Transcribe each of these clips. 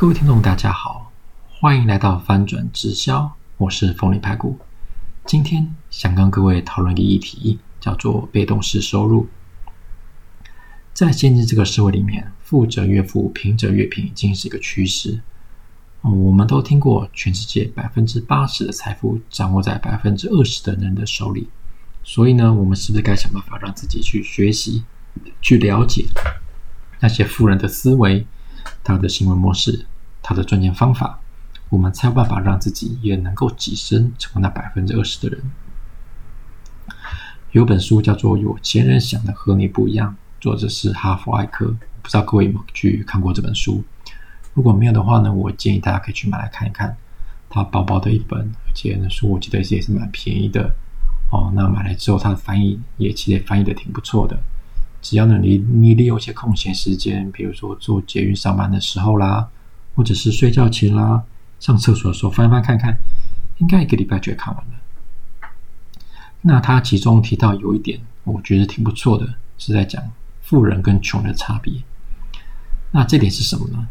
各位聽眾，大家好，歡迎來到翻轉直銷。我是鳳梨排骨，今天想跟各位討論一個議題，叫做被動式收入。在現今這個社會裡面，富者越富，貧者越貧，已經是一個趨勢。我們都聽過，全世界百分之八十的財富掌握在百分之二十的人的手裡。所以呢，我們是不是該想辦法讓自己去學習、去了解那些富人的思維？他的行為模式，他的賺錢方法，我們才有辦法讓自己也能夠躋身成為那百分之二十的人。有本書叫做《有錢人想的和你不一樣》，作者是哈佛艾克。不知道各位有沒有去看過這本書？如果沒有的話呢，我建議大家可以去買來看一看。它薄薄的一本，而且呢，書我記得也是蠻便宜的哦。那買來之後，它的翻譯也其實翻譯的挺不錯的。只要你你利用一些空閒時間，比如說坐捷運上班的時候啦，或者是睡覺前啦、上廁所的時候翻翻看看，應該一個禮拜就會看完了。那他其中提到有一點，我覺得挺不錯的，是在講富人跟窮人的差別。那這點是什麼呢？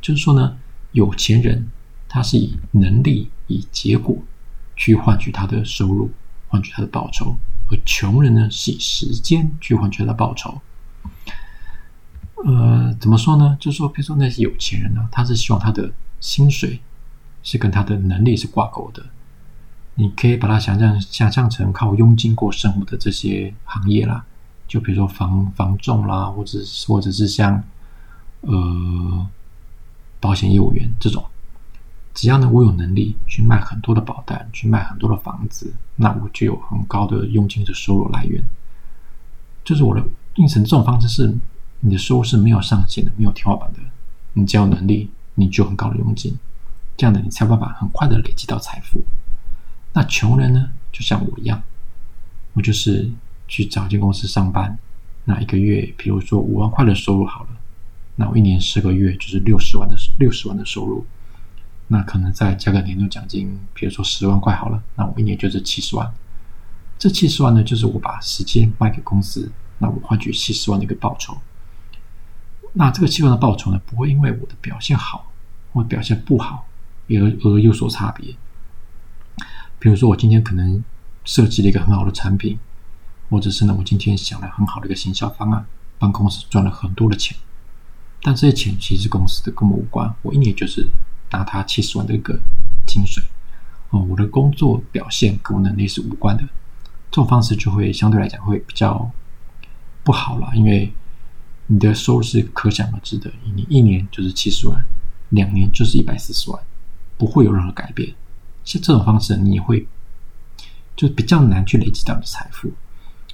就是說呢，有錢人他是以能力、以結果去換取他的收入，換取他的報酬。而窮人呢，是以時間去換取他的報酬。呃，怎麼說呢？就說比如說那些有錢人呢，啊，他是希望他的薪水是跟他的能力是掛鈎的。你可以把它想象想象成靠佣金過生活的這些行業啦，就比如說房房仲啦，或者或者是像呃保險業務員這種。只要呢，我有能力去賣很多的保單，去賣很多的房子，那我就有很高的佣金的收入來源。就是我的應承。這種方式是你的收入是沒有上限的，沒有天花板的。你只要有能力，你就有很高的佣金。這樣的你才有辦法很快的累積到財富。那窮人呢，就像我一樣，我就是去找一間公司上班。那一個月，比如說五萬塊的收入好了，那我一年四個月就是六十萬的六十萬的收入。那可能再加個年度獎金，比如說十萬塊好了。那我一年就是七十萬。這七十萬呢，就是我把時間賣給公司，那我換取七十萬的一個報酬。那這個七萬的報酬呢，不會因為我的表現好或表現不好而而有所差別。比如說，我今天可能設計了一個很好的產品，或者是呢，我今天想了很好的一個行銷方案，幫公司賺了很多的錢。但這些錢其實是公司的，跟我無關。我一年就是。拿他七十萬的一個薪水哦，我的工作表現跟我能力是無關的，這種方式就會相對來講會比較不好了，因為你的收入是可想而知的，你一年就是七十萬，兩年就是一百四十萬，不會有任何改變。像這種方式，你會就比較難去累積到你的財富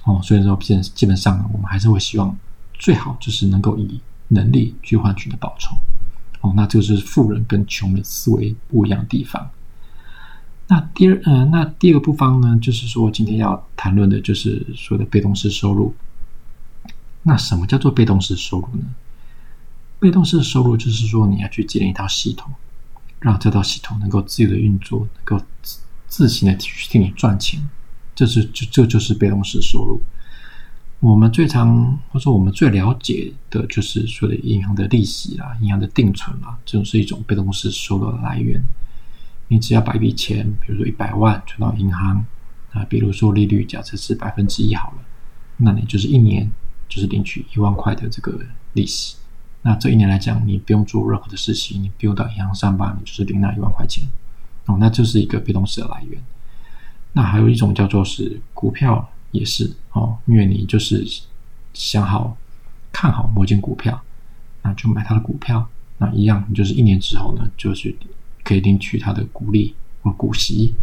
哦。所以說，基本基本上我們還是會希望最好就是能夠以能力去換取的報酬。哦，那這個是富人跟窮人思維不一樣的地方。那第二，嗯、呃，那第二個部分呢，就是說今天要談論的就是所謂的被動式收入。那什麼叫做被動式收入呢？被動式收入就是說你要去建立一套系統，讓這套系統能夠自由的運作，能夠自行的去替你賺錢，這是就這就是被動式收入。我們最常，或者說我們最了解的，就是說的銀行的利息啊，銀行的定存啊，這種是一種被動式收入的來源。你只要把一筆錢，比如說一百萬存到銀行啊，比如說利率假設是百分之一好了，那你就是一年就是領取一萬塊的這個利息。那這一年來講，你不用做任何的事情，你不用到銀行上班，你就是領那一萬塊錢哦，那這是一個被動式的來源。那還有一種叫做是股票。也是哦，因為你就是想好看好某間股票，那就買它的股票，那一樣你就是一年之後呢，就是可以領取它的股利或股息，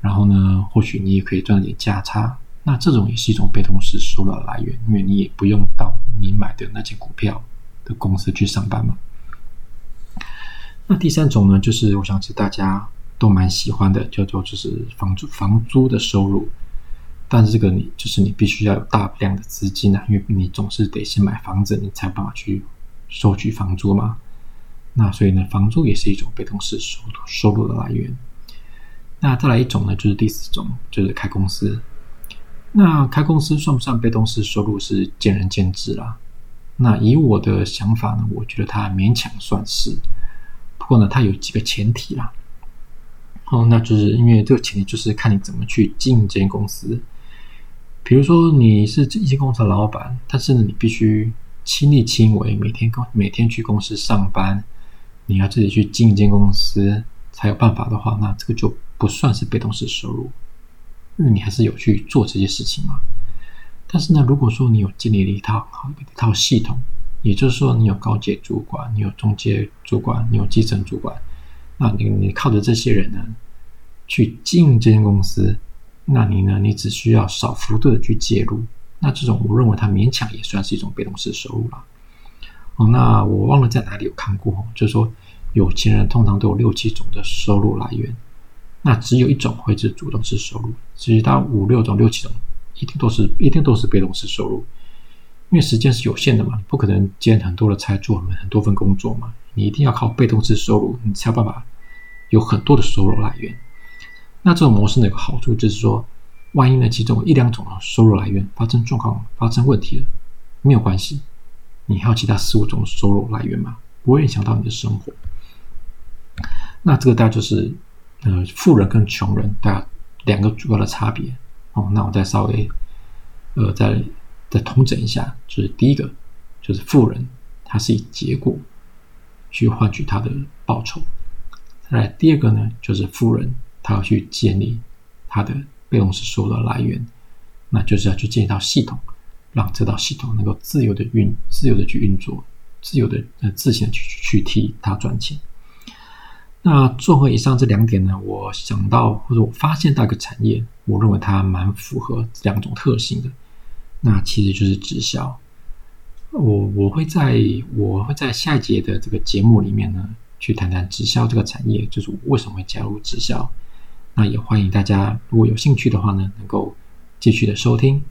然後呢，或許你也可以賺點價差，那這種也是一種被動式收入來源，因為你也不用到你買的那間股票的公司去上班嘛。那第三種呢，就是我想是大家都蠻喜歡的，叫做就是房租，房租的收入。但這個你就是你必須要有大量的資金啊，因為你總是得先買房子，你才有辦法去收取房租嘛。那所以呢，房租也是一種被動式收入收入的來源。那再來一種呢，就是第四種，就是開公司。那開公司算不算被動式收入是見仁見智啦。那以我的想法呢，我覺得它勉強算是。不過呢，它有幾個前提啦。哦、嗯，那就是因為這個前提就是看你怎麼去經營這間公司。比如說，你是一間公司的老板，但是呢，你必須親力親為，每天工每天去公司上班，你要自己去經營一間公司才有辦法的話，那這個就不算是被動式收入，因為你還是有去做這些事情嘛。但是呢，如果說你有建立了一套一套系統，也就是說，你有高階主管，你有中階主管，你有基層主管，那你你靠着這些人呢去進這間公司。那你呢？你只需要少幅度的去介入，那這種我認為它勉強也算是一種被動式收入了。哦，那我忘了在哪裡有看過，就是說有錢人通常都有六七種的收入來源，那只有一種會是主動式收入，其他五六種、六七種一定都是一定都是被動式收入，因為時間是有限的嘛，不可能兼很多的差做很多份工作嘛，你一定要靠被動式收入，你才有辦法有很多的收入來源。那這種模式呢，有一個好處就是說，萬一呢，其中一兩種收入來源發生狀況，發生問題了，沒有關係，你還有其他十五種收入來源嘛，不會影響到你的生活。那這個大家就是，呃，富人跟窮人大家兩個主要的差別。哦，那我再稍微，呃，再再統整一下，就是第一個，就是富人他是以結果去換取他的報酬，再來第二個呢，就是富人。要去建立它的被動式收入來源，那就是要去建立一套系統，讓這套系統能夠自由的運、自由的去運作、自由的呃自行去去替它賺錢。那綜合以上這兩點呢，我想到或者我發現到一個產業，我認為它蠻符合兩種特性的，那其實就是直銷。我我會在我會在下一節的這個節目裡面呢，去談談直銷這個產業，就是我為什麼會加入直銷。那也歡迎大家，如果有興趣的話呢，能夠繼續的收聽。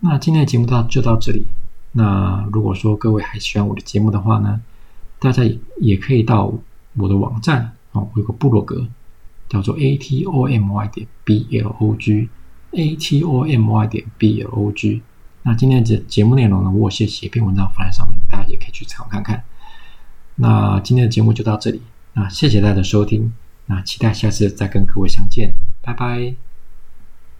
那今天的節目就到就到這裡。那如果說各位還喜歡我的節目的話呢，大家也可以到我的網站，哦，我有個部落格，叫做 A T O M Y 點 B L O G A T O M Y 點 B L O G。那今天的節目內容呢，我先寫一篇文章放在上面，大家也可以去參考看看。那今天的節目就到這裡啊，那謝謝大家的收聽。那期待下次再跟各位相見，拜拜。